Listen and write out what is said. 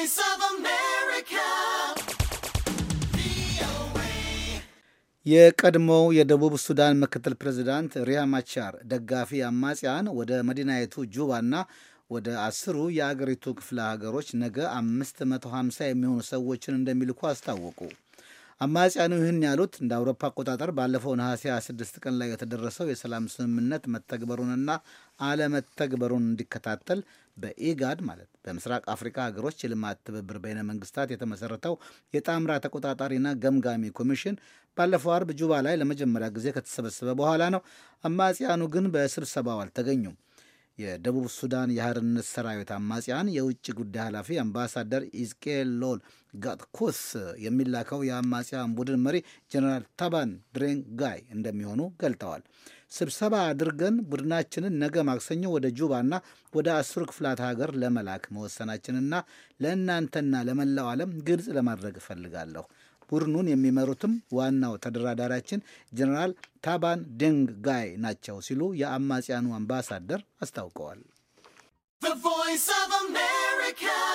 Voice of America. የቀድሞው የደቡብ ሱዳን ምክትል ፕሬዚዳንት ሪያ ማቻር ደጋፊ አማጽያን ወደ መዲናይቱ ጁባና ወደ አስሩ የአገሪቱ ክፍለ ሀገሮች ነገ 550 የሚሆኑ ሰዎችን እንደሚልኩ አስታወቁ። አማጽያኑ ይህን ያሉት እንደ አውሮፓ አቆጣጠር ባለፈው ነሐሴ 26 ቀን ላይ የተደረሰው የሰላም ስምምነት መተግበሩንና አለመተግበሩን እንዲከታተል በኢጋድ ማለት በምስራቅ አፍሪካ ሀገሮች የልማት ትብብር በይነ መንግስታት የተመሰረተው የጣምራ ተቆጣጣሪና ገምጋሚ ኮሚሽን ባለፈው አርብ ጁባ ላይ ለመጀመሪያ ጊዜ ከተሰበሰበ በኋላ ነው። አማጽያኑ ግን በስብሰባው አልተገኙም። የደቡብ ሱዳን የሀርነት ሰራዊት አማጽያን የውጭ ጉዳይ ኃላፊ አምባሳደር ኢዝቄል ሎል ጋትኩስ የሚላከው የአማጽያን ቡድን መሪ ጀነራል ታባን ድሬን ጋይ እንደሚሆኑ ገልጠዋል። ስብሰባ አድርገን ቡድናችንን ነገ ማክሰኞ ወደ ጁባና ወደ አስሩ ክፍላት ሀገር ለመላክ መወሰናችንና ለእናንተና ለመላው ዓለም ግልጽ ለማድረግ እፈልጋለሁ። ቡድኑን የሚመሩትም ዋናው ተደራዳሪያችን ጀኔራል ታባን ደንግ ጋይ ናቸው ሲሉ የአማጽያኑ አምባሳደር አስታውቀዋል። voice of America.